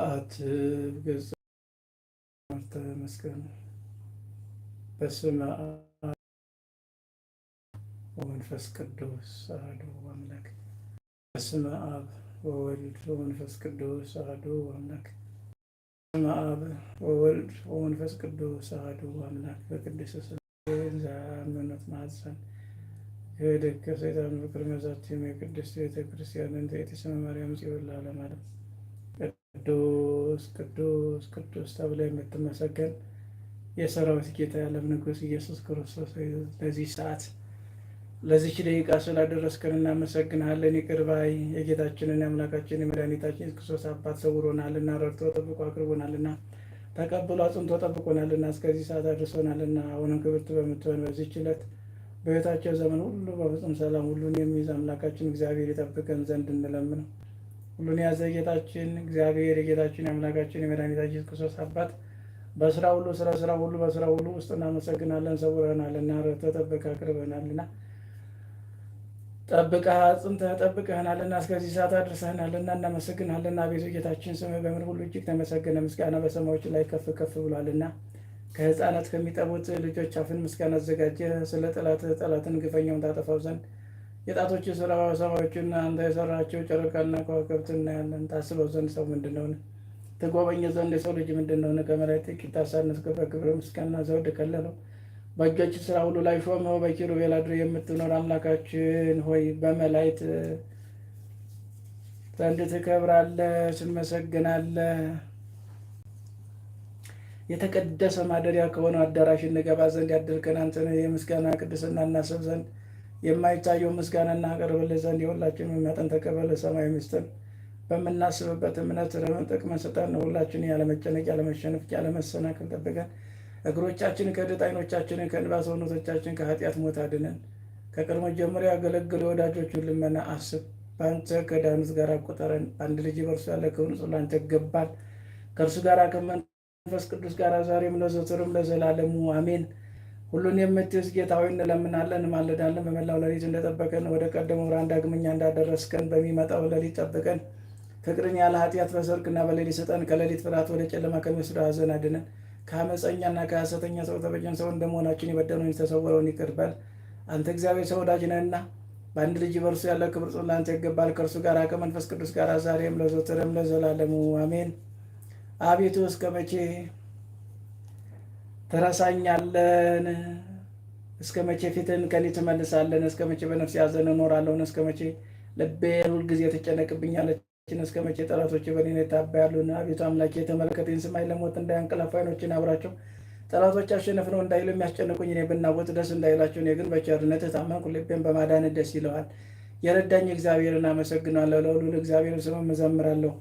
አትብ ገጽ ማርተ መስቀል በስመ አብ ወመንፈስ ቅዱስ አሐዱ አምላክ በስመ አብ ወወልድ ወመንፈስ ቅዱስ አሐዱ አምላክ በስመ አብ ወወልድ ወመንፈስ ቅዱስ አሐዱ አምላክ በቅድስት ስላሴ ዘአምነት ማኅፀን የደከ ሰይጣን ፍቅር መዛት የቅድስት ቤተ ክርስቲያን እንተ የተስመ ማርያም ጽዮን ለዓለመ ዓለም ቅዱስ ቅዱስ ቅዱስ ተብላ የምትመሰገን የሰራዊት ጌታ ያለም ንጉስ ኢየሱስ ክርስቶስ ለዚህ ሰዓት ለዚች ደቂቃ ስላደረስከን እናመሰግናለን። ይቅር ባይ የጌታችንን የአምላካችን የመድኃኒታችን ክርስቶስ አባት ሰውሮናልና ረድቶ ጠብቆ አቅርቦናልና ተቀብሎ አጽንቶ ጠብቆናልና እስከዚህ ሰዓት አድርሶናልና አሁንም ክብርት በምትሆን በዚች ዕለት በሕይወታቸው ዘመን ሁሉ በፍጹም ሰላም ሁሉን የሚይዝ አምላካችን እግዚአብሔር ይጠብቀን ዘንድ እንለምነው። ሁሉን ያዘ ጌታችን እግዚአብሔር የጌታችን የአምላካችን የመድኃኒታችን ኢየሱስ ክርስቶስ አባት በስራ ሁሉ ስለ ስራ ሁሉ በስራ ሁሉ ውስጥ እናመሰግናለን። ሰውረህናልና ረተ ጠብቀህ አቅርበህናልና ጠብቀህ አጽንተህ ጠብቀህናልና እስከዚህ ሰዓት አድርሰህናልና እናመሰግናለን። አቤቱ ጌታችን ስም በምድር ሁሉ እጅግ ተመሰገነ፣ ምስጋና በሰማዮች ላይ ከፍ ከፍ ብሏልና ከህፃናት ከሚጠቡት ልጆች አፍን ምስጋና አዘጋጀ ስለ ጠላት ጠላትን ግፈኛውን ታጠፋው ዘንድ የጣቶች ስራ ሰማዮችና አንተ የሰራቸው ጨረቃና ከዋክብት እናያለን። ታስበው ዘንድ ሰው ምንድነውን? ነው? ተጓበኘ ዘንድ የሰው ልጅ ምንድነውን? ከመላእክት ጥቂት አሳነስክ። በክብር ምስጋና ዘውድ ከለለው። በእጆች ስራ ሁሉ ላይ ሾመው። በኪሩቤል አድሮ የምትኖር አምላካችን ሆይ በመላእክት ዘንድ ትከብራለህ፣ ትመሰግናለህ። የተቀደሰ ማደሪያ ከሆነው አዳራሽ እንገባ ዘንድ ያደርገን አንተ የምስጋና ቅድስና እናስብ ዘንድ የማይታየው ምስጋናና አቀርብልህ ዘንድ የሁላችን መጠን ተቀበለ። ሰማይ ምስጥን በምናስብበት እምነት ረመን ጥቅመን ስጠን። ሁላችን ያለመጨነቅ ያለመሸነፍ ያለመሰናክል ጠብቀን። እግሮቻችን ከድጥ አይኖቻችንን ከእንባ ሰውነቶቻችን ከኃጢአት ሞት አድነን። ከቀድሞ ጀምሮ ያገለግሉ ወዳጆቹ ልመና አስብ። በአንተ ከዳኑት ጋር አቆጠረን። አንድ ልጅ በእርሱ ያለ ክብር ሁሉ ለአንተ ይገባል። ከእርሱ ጋር ከመንፈስ ቅዱስ ጋር ዛሬም ለዘወትርም ለዘላለሙ አሜን። ሁሉን የምትስ ጌታ ሆይ እንለምናለን፣ እንማልዳለን። በመላው ሌሊት እንደጠበቀን ወደ ቀደመው ብርሃን ዳግመኛ እንዳደረስከን በሚመጣው ሌሊት ጠብቀን፣ ፍቅርን ያለ ኃጢአት በሰርክና በሌሊት ስጠን። ከሌሊት ፍርሃት ወደ ጨለማ ከሚወስድ ሐዘን አድነን። ከአመፀኛና ከሐሰተኛ ሰው ተበጀን። ሰው እንደመሆናችን የበደለውን የተሰወረውን ይቅር በል። አንተ እግዚአብሔር ሰው ወዳጅ ነህና በአንድ ልጅ በእርሱ ያለ ክብር ጽን ለአንተ ይገባል። ከእርሱ ጋር ከመንፈስ ቅዱስ ጋር ዛሬም ለዘወትርም ለዘላለሙ አሜን። አቤቱ እስከ መቼ ትረሳኛለን? እስከ መቼ ፊትን ከኔ ትመልሳለን? እስከ መቼ በነፍስ ያዘን እኖራለሁን? እስከ መቼ ልቤ ሁል ጊዜ ትጨነቅብኛለች? እስከ መቼ ጠላቶች በኔ ላይ ታበያሉን? አቤቱ አምላኬ ተመለከተኝ፣ ስማኝ፣ ለሞት እንዳያንቀላፋ ዓይኖችን አብራቸው ጠላቶች አሸነፍ ነው እንዳይሉ የሚያስጨንቁኝ እኔ ብናወጥ ደስ እንዳይላቸው፣ እኔ ግን በቸርነት ታመንኩ፣ ልቤን በማዳን ደስ ይለዋል። የረዳኝ እግዚአብሔርን አመሰግናለሁ፣ ለሁሉ እግዚአብሔር ስም እዘምራለሁ።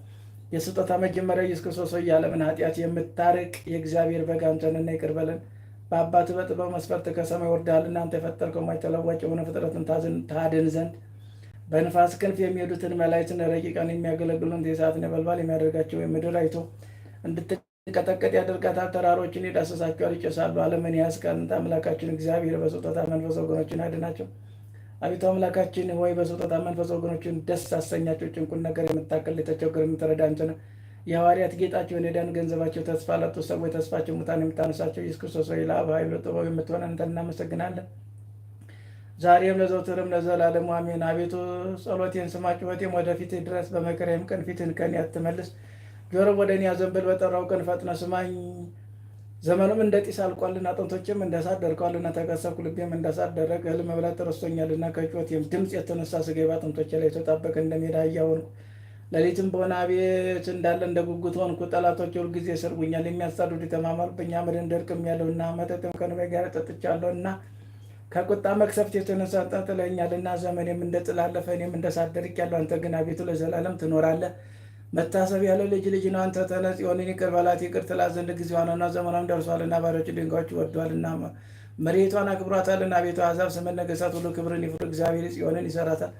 የስጦታ መጀመሪያ ኢየሱስ ክርስቶስ ሆይ የዓለምን ኃጢአት የምታርቅ የእግዚአብሔር በግ አንተንና ይቅር በለን በአባት በጥበብ መስፈርት ከሰማይ ወርደሃል። እናንተ የፈጠርከው ማይ ተለዋጭ የሆነ ፍጥረትን ታድን ዘንድ በንፋስ ክንፍ የሚሄዱትን መላእክትን ረቂቃን የሚያገለግሉን የእሳት ነበልባል የሚያደርጋቸው የምድር አይቶ እንድትንቀጠቀጥ ያደርጋታል። ተራሮችን የዳሰሳቸዋል፣ ይጨሳሉ። ዓለምን ያስቀንጥ አምላካችን እግዚአብሔር በስጦታ መንፈስ ወገኖችን አድናቸው። አቤቱ አምላካችን ሆይ በስጦታ መንፈስ ወገኖችን ደስ አሰኛቸው። ጭንቁን ነገር የምታቀል የተቸገረ የምትረዳ አንተ ነህ። የሐዋርያት ጌጣቸው የዳን ገንዘባቸው ተስፋ ላጡ ሰዎች ተስፋቸው ሙታን የምታነሳቸው ኢየሱስ ክርስቶስ ሆይ ለአብ ኃይል ጥበብ የምትሆነ አንተ እናመሰግናለን። ዛሬም ለዘውትርም ለዘላለሙ አሜን። አቤቱ ጸሎቴን ስማ፣ ጩኸቴም ወደፊት ድረስ። በመከራዬም ቀን ፊትህን ከኔ አትመልስ። ጆሮ ወደ እኔ አዘንብል፣ በጠራው ቀን ፈጥነ ስማኝ። ዘመኑም እንደ ጢስ አልቋልና አጥንቶችም እንደ እሳት ደርቀዋልና ተቀሰብኩ፣ ልቤም እንደ እሳት ደረቀ። እህል መብላት ተረስቶኛልና ከጩኸቴም ድምፅ የተነሳ ሥጋዬ በአጥንቶቼ ላይ ተጣበቀ፣ እንደሜዳ ሜዳ አህያ ሆንኩ። ሌሊትም በሆነ አቤት እንዳለ እንደ ጉጉት ሆንኩ። ጠላቶች ሁልጊዜ ይሰርጉኛል፣ የሚያሳድዱ ተማማሉብኝ። አመድን ያለውና መጠጥም ከንቤ ጋር ጠጥቻለሁ እና ከቁጣ መቅሰፍት የተነሳ ጠጥለኸኛልና። ዘመኔም እንደ ጥላለፈ እኔም እንደ እሳት ደርቄያለሁ። አንተ ግን አቤቱ ለዘላለም ትኖራለህ። መታሰብ ያለ ልጅ ልጅ ነው። አንተ ተነስ ጽዮንን ይቅር በላት፣ ይቅር ትላት ዘንድ ጊዜ ጊዜዋና ዘመኗም ደርሷልና፣ ባሪያዎቹ ድንጋዮች ወዷልና፣ መሬቷን አክብሯታልና። አቤቱ አሕዛብ ስምን፣ ነገሥታት ሁሉ ክብርን ይፍሩ። እግዚአብሔር ጽዮንን ይሰራታል፣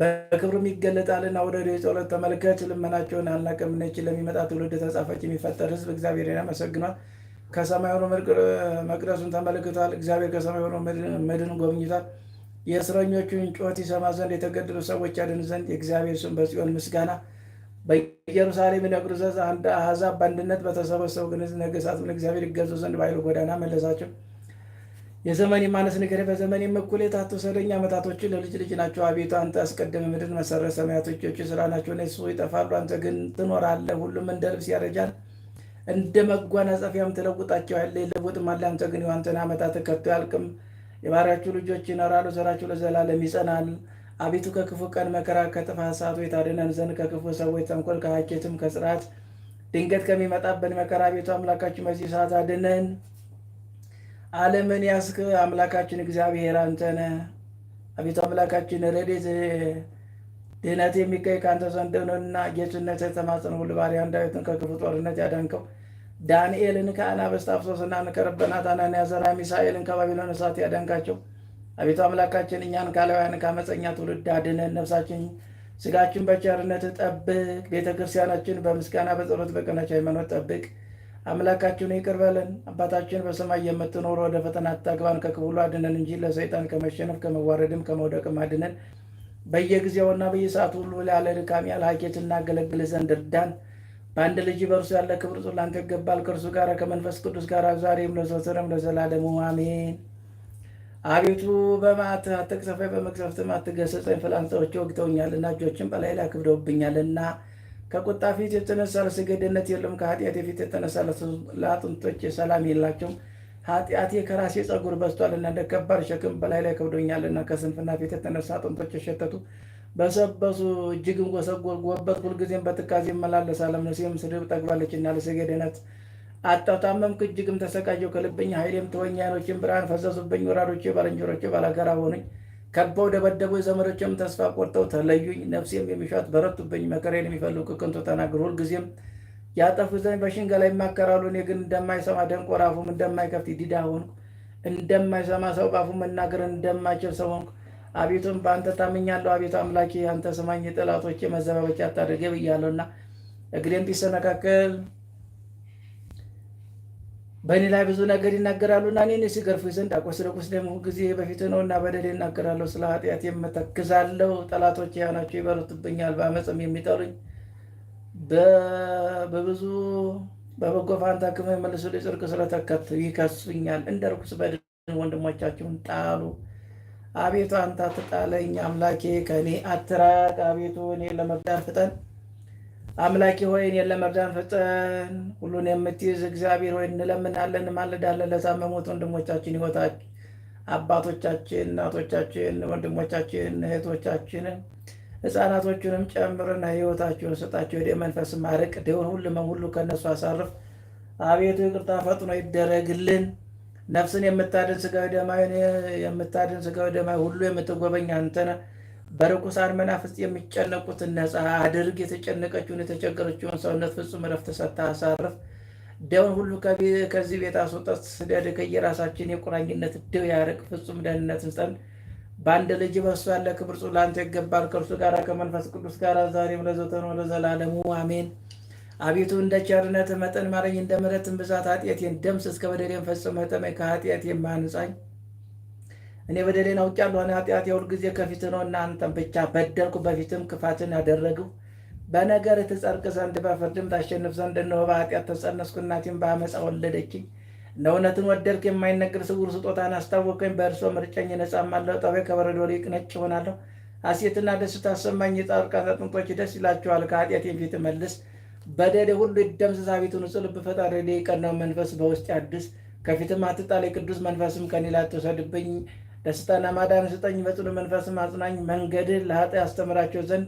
በክብርም ይገለጣልና። ወደ ጸሎት ተመልከት፣ ልመናቸውን አልናቀምነች ለሚመጣ ትውልድ ተጻፈች፣ የሚፈጠር ህዝብ እግዚአብሔርን ያመሰግኗል። ከሰማይ ሆኖ መቅደሱን ተመልክቷል። እግዚአብሔር ከሰማይ ሆኖ ምድርን ጎብኝቷል። የእስረኞቹን ጩኸት ይሰማ ዘንድ የተገደሉ ሰዎች ያድን ዘንድ የእግዚአብሔር ስም በጽዮን ምስጋና በኢየሩሳሌም ይነግሩ ዘንድ አንድ አሕዛብ በአንድነት በተሰበሰቡ ግን ነገሥታት ለእግዚአብሔር ይገዙ ዘንድ በኃይሉ ጎዳና መለሳቸው። የዘመን ማነስ ንገር፣ በዘመን እኩሌታ አትውሰደኝ። ዓመታቶች ለልጅ ልጅ ናቸው። አቤቱ አንተ አስቀድመ ምድር መሰረት ሰማያቶች ስራ ናቸው። እነሱ ይጠፋሉ፣ አንተ ግን ትኖራለህ። ሁሉም እንደ ልብስ ያረጃል፣ እንደ መጎናጸፊያም የለውጥም አለ። አንተ ግን የአንተን ዓመታት ከቶ ያልቅም። የባሪያችሁ ልጆች ይኖራሉ፣ ዘራችሁ ለዘላለም ይጸናል። አቤቱ ከክፉ ቀን መከራ ከጥፋት ሰዓቱ የታደነን ዘንድ ከክፉ ሰዎች ተንኮል ከሀኬትም ከስርዓት ድንገት ከሚመጣበት መከራ ቤቱ አምላካችን በዚህ ሰዓት አድነን። ዓለምን ያስክ አምላካችን እግዚአብሔር አንተነ አቤቱ አምላካችን ረዴት ድህነት የሚገኝ ከአንተ ዘንድ ነውና ጌትነት የተማጽን ሁሉ ባሪያን ዳዊትን ከክፉ ጦርነት ያዳንከው ዳንኤልን ከአናብስት አፍሶስና ንከረበናት አናንያ አዛርያ ሚሳኤልን ከባቢሎን እሳት ያዳንካቸው አቤቱ አምላካችን እኛን ካላውያን ከአመፀኛ ትውልድ አድነን፣ ነፍሳችን ስጋችን በቸርነት ጠብቅ፣ ቤተ ክርስቲያናችን በምስጋና በጸሎት በቀናች ሃይማኖት ጠብቅ። አምላካችን ይቅር በለን። አባታችን በሰማይ የምትኖር ወደ ፈተና አታግባን፣ ከክፉ አድነን እንጂ ለሰይጣን ከመሸነፍ ከመዋረድም ከመውደቅም አድነን። በየጊዜውና በየሰዓቱ ሁሉ ያለ ድካም ያለ ሀኬት እናገለግል ዘንድ እርዳን። በአንድ ልጅ በእርሱ ያለ ክብር ላንተ ይገባል። ከእርሱ ጋር ከመንፈስ ቅዱስ ጋር ዛሬም ለዘወትርም ለዘላለሙ አሜን። አቤቱ በማት አትቅሰፈኝ፣ በመቅሰፍትም አትገስጸኝ። ፍላጻዎቼ ወግተውኛልና እጆችም በላይ ላይ አክብደውብኛልና ከቁጣ ፊት የተነሳ ለሰገደነት የለም፣ ከኃጢአት ፊት የተነሳ ለአጥንቶች ሰላም የላቸውም። ኃጢአቴ ከራሴ ጸጉር በዝቷልና እንደ ከባድ ሸክም በላይ ላይ ከብዶኛልና ከስንፍና ፊት የተነሳ አጥንቶች የሸተቱ በሰበሱ እጅግም ጎሰጎልኩ፣ ወበትኩ፣ ሁልጊዜም በትካዜ እመላለሳለሁ። ነሴም ስድብ ጠግባለችና ለሰገደነት አጣጣመምክ እጅግም ተሰቃየሁ። ከልብኝ ኃይሌም ተወኝ። ዓይኖቼም ብርሃን ፈዘዙብኝ። ወራዶቼ ባልንጀሮቼ ባላጋራ ሆኑኝ፣ ከበው ደበደቡ። ዘመዶቼም ተስፋ ቆርጠው ተለዩኝ። ነፍሴም የሚሿት በረቱብኝ፣ መከራዬን የሚፈልጉ ከንቱ ተናገሩ። ሁልጊዜም ያጠፉ ዘኝ በሽንገ ላይ ይማከራሉ። እኔ ግን እንደማይሰማ ደንቆሮ አፉም እንደማይከፍት ዲዳ ሆንኩ። እንደማይሰማ ሰው በአፉ መናገር እንደማይችል ሰው ሆንኩ። አቤቱም በአንተ ታምኛለሁ። አቤቱ አምላኬ አንተ ስማኝ፣ የጠላቶቼ መዘባበቻ አታድርገኝ ብያለሁና እግሬም ቢሰነካከል በእኔ ላይ ብዙ ነገር ይናገራሉ ይናገራሉና እኔን ሲገርፉ ዘንድ አቆስለቁስ ደግሞ ጊዜ በፊት ነው እና በደል ይናገራለሁ። ስለ ኃጢአት የምተክዛለሁ። ጠላቶች ያናቸው ይበረቱብኛል። በአመፅም የሚጠሩኝ በብዙ በበጎ ፋንታ ክፉ የመልሱልኝ ጽድቅ ስለተከት ይከሱኛል። እንደ ርኩስ በድን ወንድሞቻችሁን ጣሉ። አቤቱ አንተ አትጣለኝ አምላኬ፣ ከእኔ አትራቅ። አቤቱ እኔ ለመዳን ፍጠን። አምላኪ ሆይ እኔን ለመርዳን ፍጠን። ሁሉን የምትይዝ እግዚአብሔር ሆይ እንለምናለን፣ እንማልዳለን። ለታመሙት ወንድሞቻችን ይወታል አባቶቻችን፣ እናቶቻችን፣ ወንድሞቻችን፣ እህቶቻችን፣ ህፃናቶቹንም ጨምርና ህይወታቸውን ስጣቸው። ወደ መንፈስ ማርቅ ደሆን ሁሉ ሁሉ ከነሱ አሳርፍ። አቤቱ ይቅርታ ፈጥኖ ይደረግልን። ነፍስን የምታድን ስጋዊ ደማዊ የምታድን ስጋዊ ደማዊ ሁሉ የምትጎበኝ አንተ ነህ። በርኩሳን መናፍስት የሚጨነቁትን ነፃ አድርግ። የተጨነቀችውን የተቸገረችውን ሰውነት ፍጹም እረፍት ሰጥተህ አሳርፍ። ደውን ሁሉ ከዚህ ቤት አስወጣት ስደድ። ከየራሳችን የቁራኝነት ደው ያርቅ፣ ፍጹም ደህንነት ስጠን። በአንድ ልጅ በሱ ያለ ክብር ጽ ለአንተ ይገባል፣ ከእርሱ ጋር ከመንፈስ ቅዱስ ጋር ዛሬም ለዘተኖ ለዘላለሙ አሜን። አቤቱ እንደ ቸርነት መጠን ማረኝ፣ እንደ ምሕረትን ብዛት ኃጢአቴን ደምስ። እስከ በደሌን ፈጽመህ ጠበቀኝ፣ ከኃጢአቴም አንጻኝ። እኔ በደሌን አውቄአለሁ፣ ኃጢአቴ ጊዜ ከፊት ነው። እናንተን ብቻ በደልኩ፣ በፊትም ክፋትን አደረግሁ። በነገር ትጸድቅ ዘንድ በፍርድም ታሸንፍ ዘንድ እነሆ በኃጢአት ተጸነስኩ፣ እናቴም በአመፃ ወለደችኝ። እንደ እውነትን ወደድክ፣ የማይነገር ስውር ስጦታን አስታወቀኝ። በእርሶ ምርጨኝ፣ ነጻማለሁ። ጠቤ ከበረዶ ይልቅ ነጭ ይሆናለሁ። አሴትና ደስታ አሰማኝ። የጻድቃን አጥንቶች ደስ ይላቸዋል። ከኃጢአቴን ፊት መልስ፣ በደሌ ሁሉ ይደምሰስ። አቤቱ ንጹሕ ልብ ፈጣሪ፣ የቀናውን መንፈስ በውስጥ አድስ። ከፊትም አትጣል፣ የቅዱስ መንፈስም ከኔ ላይ አትውሰድብኝ። ደስታ ለማዳን ስጠኝ፣ በጽኑ መንፈስም አጽናኝ፣ መንገድ ለሀጠ አስተምራቸው ዘንድ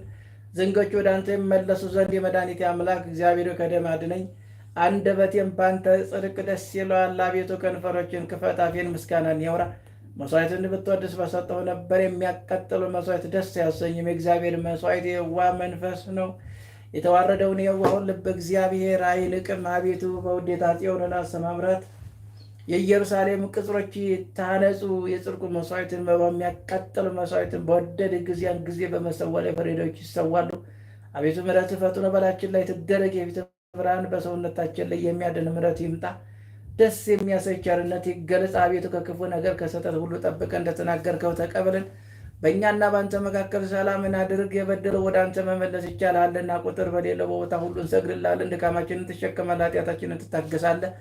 ዝንጎች ወደ አንተ የሚመለሱ ዘንድ የመድኃኒቴ አምላክ እግዚአብሔር ከደም አድነኝ። አንደበቴም በአንተ ጽድቅ ደስ ይለዋል። አቤቱ ከንፈሮችን ክፈት፣ አፌን ምስጋናን ያውራ። መሥዋዕትን ብትወድስ በሰጠው ነበር። የሚያቃጥሉ መስዋዕት ደስ ያሰኝም። የእግዚአብሔር መስዋዕት የዋ መንፈስ ነው። የተዋረደውን የዋሁን ልብ እግዚአብሔር አይንቅም። አቤቱ በውዴታ ጽዮንን አሰማምራት የኢየሩሳሌም ቅጽሮች ታነጹ፣ የጽርቁ መስዋዕትን መባ የሚያቃጠሉ መስዋዕትን በወደድ ጊዜያን ጊዜ በመሰዋ ላይ ፍሬዳዎች ይሰዋሉ። አቤቱ ምረት ፈጥኖ በላችን ላይ ትደረግ። የፊት ብርሃን በሰውነታችን ላይ የሚያድን ምረት ይምጣ። ደስ የሚያሳይ ቸርነት ይገለጽ። አቤቱ ከክፉ ነገር ከሰጠት ሁሉ ጠብቀ እንደተናገርከው ተቀበልን። በእኛና በአንተ መካከል ሰላምን አድርግ። የበደለው ወደ አንተ መመለስ ይቻላልና ቁጥር በሌለው በቦታ ሁሉ እንሰግድላለን። ድካማችንን ትሸከማለህ፣ ኃጢአታችንን ትታገሳለህ።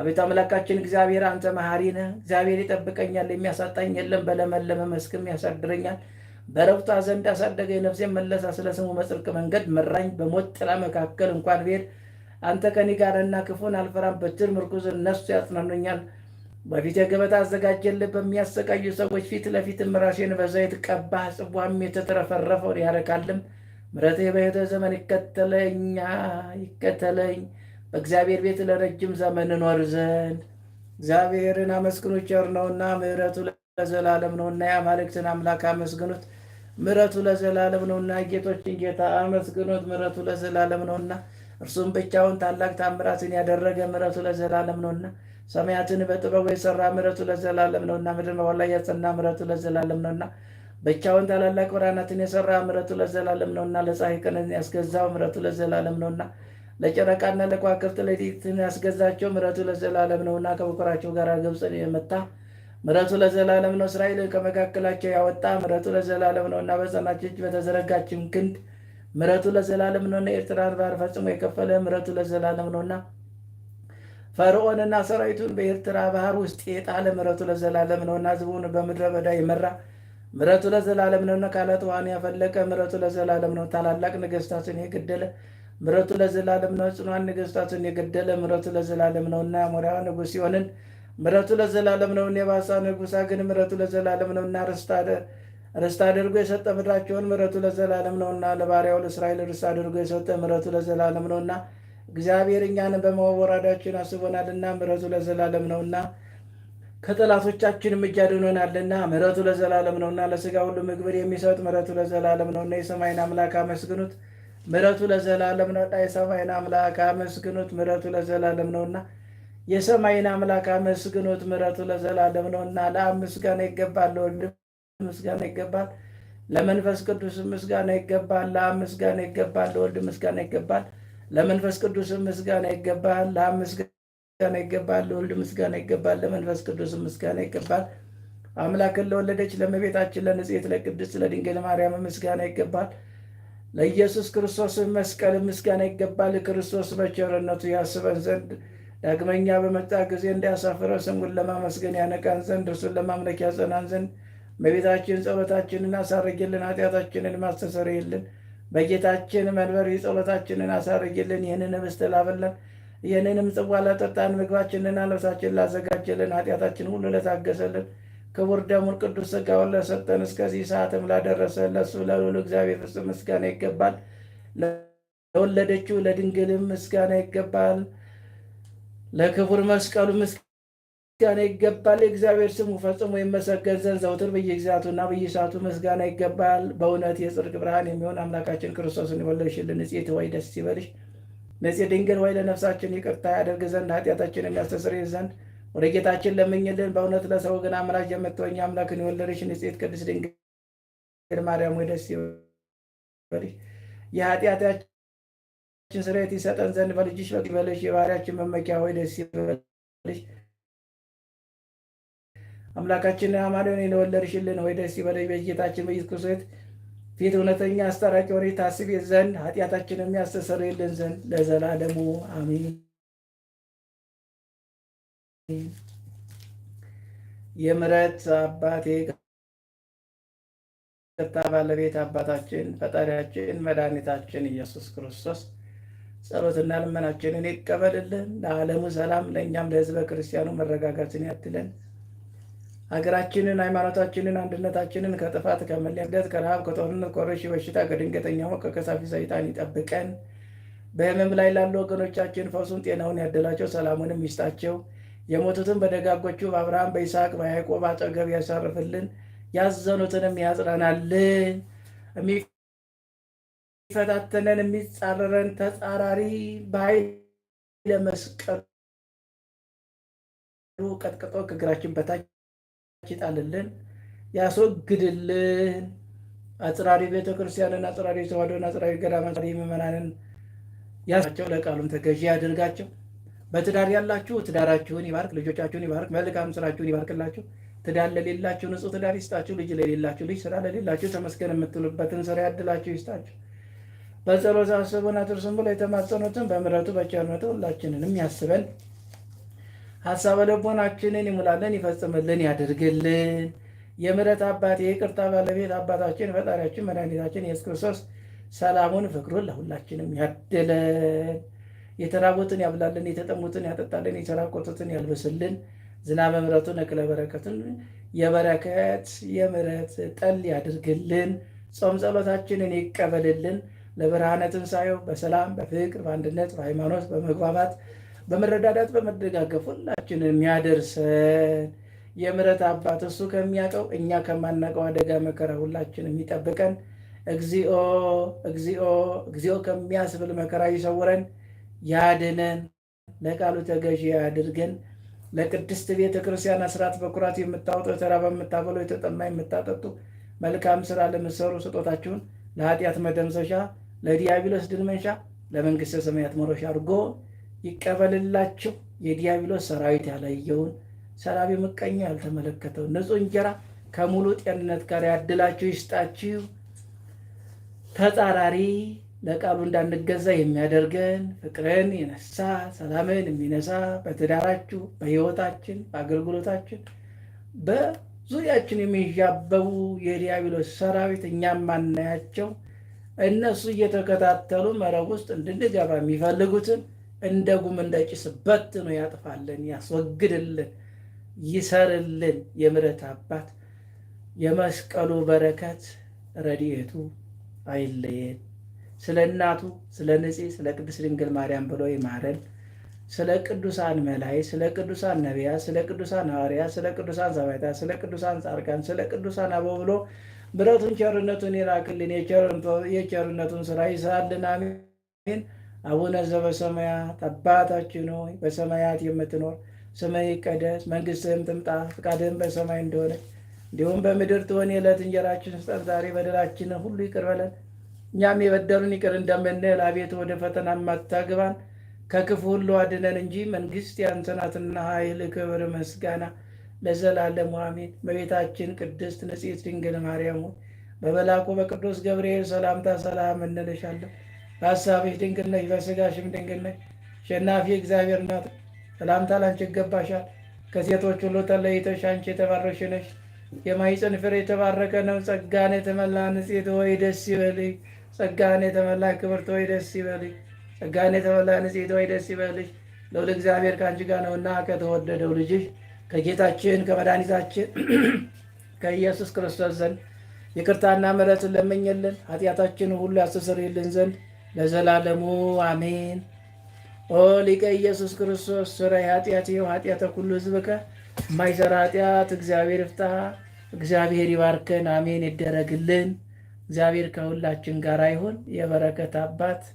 አቤቱ አምላካችን እግዚአብሔር አንተ መሐሪ ነህ። እግዚአብሔር ይጠብቀኛል፣ የሚያሳጣኝ የለም። በለመለመ መስክም ያሳድረኛል። በረብቷ ዘንድ አሳደገ፣ ነፍሴን መለሳ ስለ ስሙ መጽርቅ መንገድ መራኝ። በሞት ጥላ መካከል እንኳን ብሄድ አንተ ከኔ ጋር ክፉን አልፈራም። በትር ምርኩዝ እነሱ ያጽናኑኛል። በፊት ገበታ አዘጋጀልህ፣ በሚያሰቃዩ ሰዎች ፊት ለፊትም ራሴን በዘይት ቀባህ። ጽዋም የተትረፈረፈውን ያረካልም። ምሕረትህ በሕይወቴ ዘመን ይከተለኛ ይከተለኝ በእግዚአብሔር ቤት ለረጅም ዘመን እኖር ዘንድ እግዚአብሔርን አመስግኑ፣ ቸር ነውና ምሕረቱ ለዘላለም ነውና። የአማልክትን አምላክ አመስግኑት፣ ምሕረቱ ለዘላለም ነውና። ጌቶችን ጌታ አመስግኑት፣ ምሕረቱ ለዘላለም ነውና። እርሱም ብቻውን ታላቅ ታምራትን ያደረገ ምሕረቱ ለዘላለም ነውና። ሰማያትን በጥበቡ የሰራ ምሕረቱ ለዘላለም ነውና። ምድርን በኋላ ያጸና ምሕረቱ ለዘላለም ነውና። ብቻውን ታላላቅ ብርሃናትን የሰራ ምሕረቱ ለዘላለም ነውና። ለፀሐይ ቀንን ያስገዛው ምሕረቱ ለዘላለም ነውና። ለጨረቃና ለከዋክብት ሌሊትን ያስገዛቸው ምረቱ ለዘላለም ነውና ከመኮራቸው ጋር ግብፅን የመታ ምረቱ ለዘላለም ነው። እስራኤልን ከመካከላቸው ያወጣ ምረቱ ለዘላለም ነውና በጸናች እጅ በተዘረጋችም ክንድ ምረቱ ለዘላለም ነው ኤርትራን ባህር ፈጽሞ የከፈለ ምረቱ ለዘላለም ነውና ፈርዖንና ሰራዊቱን በኤርትራ ባህር ውስጥ የጣለ ምረቱ ለዘላለም ነውና ህዝቡን በምድረ በዳ የመራ ምረቱ ለዘላለም ነውና ካለት ውሃን ያፈለቀ ምረቱ ለዘላለም ነው። ታላላቅ ነገስታትን የገደለ ምረቱ ለዘላለም ነው። ጽኑዋን ነገሥታትን የገደለ ምረቱ ለዘላለም ነውና፣ ሞሪያ ንጉስ ሲሆንን ምረቱ ለዘላለም ነው። የባሳ ንጉሳ ግን ምረቱ ለዘላለም ነውና፣ ርስት አድርጎ የሰጠ ምድራቸውን ምረቱ ለዘላለም ነውና፣ ለባሪያው ለእስራኤል ርስት አድርጎ የሰጠ ምረቱ ለዘላለም ነውና፣ እግዚአብሔር እኛን በመወራዳችን አስቦናልና፣ ምረቱ ለዘላለም ነውና፣ ከጠላቶቻችን እጅ አድኖናልና፣ ለዘላለም ነውና፣ ለስጋ ሁሉ ምግብር የሚሰጥ ምረቱ ለዘላለም ነውና፣ የሰማይን አምላክ አመስግኑት። ምረቱ ለዘላለም ነውና የሰማይን አምላክ አመስግኑት፣ ምረቱ ለዘላለም ነውና የሰማይን አምላክ አመስግኑት፣ ምረቱ ለዘላለም ነውና። ለአብ ምስጋና ይገባል፣ ለወልድ ምስጋና ይገባል፣ ለመንፈስ ቅዱስ ምስጋና ይገባል። ለአብ ምስጋና ይገባል፣ ለወልድ ምስጋና ይገባል፣ ለመንፈስ ቅዱስ ምስጋና ይገባል። ለአብ ምስጋና ይገባል፣ ለወልድ ምስጋና ይገባል፣ ለመንፈስ ቅዱስ ምስጋና ይገባል። አምላክን ለወለደች ለመቤታችን ለንጽሕት ለቅድስት ለድንግል ማርያም ምስጋና ይገባል። ለኢየሱስ ክርስቶስ መስቀል ምስጋና ይገባል። ክርስቶስ በቸርነቱ ያስበን ዘንድ ዳግመኛ በመጣ ጊዜ እንዲያሳፍረ ስሙን ለማመስገን ያነቃን ዘንድ እርሱን ለማምለክ ያጸናን ዘንድ እመቤታችን ጸሎታችንን አሳረጊልን፣ ኃጢአታችንን ማስተሰርይልን። በጌታችን መንበር ጸሎታችንን አሳረጊልን። ይህንን ህብስት ላበለን፣ ይህንንም ጽዋ ላጠጣን፣ ምግባችንን አለብሳችን ላዘጋጀልን፣ ኃጢአታችን ሁሉ ለታገሰልን ክቡር ደሙን ቅዱስ ሥጋውን ለሰጠን እስከዚህ ሰዓትም ላደረሰ ለሱ ለልዑል እግዚአብሔር ፍጹም ምስጋና ይገባል። ለወለደችው ለድንግልም ምስጋና ይገባል። ለክቡር መስቀሉ ምስጋና ይገባል። የእግዚአብሔር ስሙ ፈጽሞ ይመሰገን ዘንድ ዘውትር በየጊዜያቱና በየሰዓቱ ምስጋና ይገባል። በእውነት የጽድቅ ብርሃን የሚሆን አምላካችን ክርስቶስን የወለድሽልን ንጽሕት ወይ ደስ ይበልሽ። ንጽሕት ድንግል ወይ ለነፍሳችን ይቅርታ ያደርግ ዘንድ ኃጢአታችን የሚያስተሰርይ ዘንድ ወደ ጌታችን ለምኝልን። በእውነት ለሰው ግን አምራች የምትወኝ አምላክን የወለደሽን ንጽሕት ቅድስት ድንግል ማርያም ወይ ደስ ይበልሽ። የኃጢአታችን ስርየት ይሰጠን ዘንድ በልጅሽ በ በለሽ የባህሪያችን መመኪያ ወይ ደስ ይበልሽ። አምላካችን አማኑኤልን የወለድሽልን ወይ ደስ ይበለሽ። በጌታችን በኢየሱስ ክርስቶስ ፊት እውነተኛ አስታራቂ ሆነሽ ታስቢ ዘንድ ኃጢአታችን የሚያስተሰርይልን ዘንድ ለዘላለሙ አሚን። የምረት አባቴ ቅርታ ባለቤት አባታችን ፈጣሪያችን መድኃኒታችን ኢየሱስ ክርስቶስ ጸሎትና ልመናችንን ይቀበልልን። ለዓለሙ ሰላም፣ ለእኛም ለሕዝበ ክርስቲያኑ መረጋጋትን ያትለን። ሀገራችንን፣ ሃይማኖታችንን፣ አንድነታችንን ከጥፋት ከመለያደት፣ ከረሃብ፣ ከጦርነት፣ ከወረርሽ በሽታ፣ ከድንገተኛ ሞት፣ ከከሳፊ ሰይጣን ይጠብቀን። በህመም ላይ ላሉ ወገኖቻችን ፈውሱን ጤናውን ያደላቸው፣ ሰላሙንም ይስጣቸው። የሞቱትን በደጋጎቹ በአብርሃም በይስሐቅ በያዕቆብ አጠገብ ያሳርፍልን፣ ያዘኑትንም ያጽናናልን። የሚፈታተነን የሚጻረረን ተጻራሪ በኃይለ መስቀሉ ቀጥቅጦ ከእግራችን በታች ይጣልልን፣ ያስወግድልን። አጽራሪ ቤተክርስቲያንን፣ አጽራሪ ተዋሕዶን፣ አጽራሪ ገዳማ፣ አጽራሪ ምዕመናንን ያቸው ለቃሉም ተገዢ ያድርጋቸው። በትዳር ያላችሁ ትዳራችሁን ይባርክ፣ ልጆቻችሁን ይባርክ፣ መልካም ስራችሁን ይባርክላችሁ። ትዳር ለሌላችሁ ንጹህ ትዳር ይስጣችሁ። ልጅ ለሌላችሁ ልጅ፣ ስራ ለሌላችሁ ተመስገን የምትሉበትን ስራ ያድላችሁ ይስጣችሁ። በጸሎት አስቡን አትርሱን ብሎ የተማጸኑትን በምረቱ በቸርነቱ ሁላችንንም ያስበን፣ ሀሳበ ልቦናችንን ይሙላልን፣ ይፈጽምልን፣ ያደርግልን። የምረት አባት የይቅርታ ባለቤት አባታችን ፈጣሪያችን መድኃኒታችን ኢየሱስ ክርስቶስ ሰላሙን ፍቅሩን ለሁላችንም ያድለን። የተራቡትን ያብላልን፣ የተጠሙትን ያጠጣልን፣ የተራቆቱትን ያልብስልን፣ ዝናበ ምሕረቱን እክለ በረከቱን የበረከት የምሕረት ጠል ያድርግልን። ጾም ጸሎታችንን ይቀበልልን። ለብርሃነ ትንሣኤው በሰላም በፍቅር በአንድነት በሃይማኖት በመግባባት በመረዳዳት በመደጋገፍ ሁላችንን የሚያደርሰን የምሕረት አባት እሱ ከሚያውቀው እኛ ከማናውቀው አደጋ መከራ ሁላችን የሚጠብቀን እግዚኦ እግዚኦ እግዚኦ ከሚያስብል መከራ ይሰውረን። ያድነን፣ ለቃሉ ተገዢ ያድርገን። ለቅድስት ቤተ ክርስቲያን አስራት በኩራት የምታወጡ የተራበ የምታበሉ የተጠማ የምታጠጡ መልካም ስራ ለምሰሩ ስጦታችሁን ለኃጢአት መደምሰሻ ለዲያብሎስ ድል መንሻ ለመንግስተ ሰማያት መሮሻ አድርጎ ይቀበልላችሁ። የዲያብሎስ ሰራዊት ያላየውን ሰላቢ ምቀኛ ያልተመለከተው ንጹሕ እንጀራ ከሙሉ ጤንነት ጋር ያድላችሁ ይስጣችሁ። ተጻራሪ ለቃሉ እንዳንገዛ የሚያደርገን ፍቅርን የነሳ ሰላምን የሚነሳ በትዳራችሁ፣ በህይወታችን በአገልግሎታችን፣ በዙሪያችን የሚዣበቡ የዲያብሎስ ሰራዊት እኛም ማናያቸው እነሱ እየተከታተሉ መረብ ውስጥ እንድንገባ የሚፈልጉትን እንደ ጉም እንደ ጭስ በትኖ ያጥፋልን፣ ያስወግድልን፣ ይሰርልን። የምሕረት አባት የመስቀሉ በረከት ረድኤቱ አይለየን። ስለ እናቱ ስለ ንጽሕት ስለ ቅድስት ድንግል ማርያም ብሎ ይማረን። ስለ ቅዱሳን መላይ ስለ ቅዱሳን ነቢያ ስለ ቅዱሳን ሐዋርያት፣ ስለ ቅዱሳን ሰማዕታት፣ ስለ ቅዱሳን ጻድቃን፣ ስለ ቅዱሳን አቦ ብሎ ብረቱን ቸርነቱን ይላክልን። የቸርነቱን ስራ ይስራልን። አሜን። አቡነ ዘበሰማያት አባታችን ሆይ በሰማያት የምትኖር ስምህ ይቀደስ፣ መንግስትህም ትምጣ፣ ፈቃድህም በሰማይ እንደሆነ እንዲሁም በምድር ትሆን። የዕለት እንጀራችን ስጠን ዛሬ፣ በደላችንን ሁሉ ይቅር በለን እኛም የበደሉን ይቅር እንደምንል አቤት ወደ ፈተና ማታግባን ከክፉ ሁሉ አድነን እንጂ መንግስት ያንተ ናትና ኃይል፣ ክብር፣ ምስጋና ለዘላለሙ አሜን። በቤታችን ቅድስት ንጽሕት ድንግል ማርያም ሆይ በቅዱስ ገብርኤል ሰላምታ ሰላም እንልሻለን። በሀሳብሽ ድንግል ነሽ፣ በስጋሽም ድንግል ነሽ። አሸናፊ እግዚአብሔር ናት፣ ሰላምታ ላንቺ ይገባሻል። ከሴቶች ሁሉ ተለይተሽ አንቺ የተባረክሽ ነሽ፣ የማኅፀንሽ ፍሬ የተባረከ ነው። ጸጋን የተመላ ንጽሕት ሆይ ደስ ይበልሽ ጸጋን የተመላ ክብርት ሆይ ደስ ይበልሽ። ጸጋን የተመላ ንጽሕት ሆይ ደስ ይበልሽ። ልዑል እግዚአብሔር ከአንቺ ጋር ነውና ከተወደደው ልጅሽ ከጌታችን ከመድኃኒታችን ከኢየሱስ ክርስቶስ ዘንድ ይቅርታና ምሕረትን ለመኝልን ኃጢአታችን ሁሉ ያስተሰርይልን ዘንድ ለዘላለሙ አሜን። ኦ ሊቀ ኢየሱስ ክርስቶስ ስራይ ኃጢአት ይው ኃጢአተ ኩሉ ህዝብከ የማይሰራ ኃጢአት እግዚአብሔር ይፍታ። እግዚአብሔር ይባርከን። አሜን ይደረግልን። እግዚአብሔር ከሁላችን ጋር ይሁን። የበረከት አባት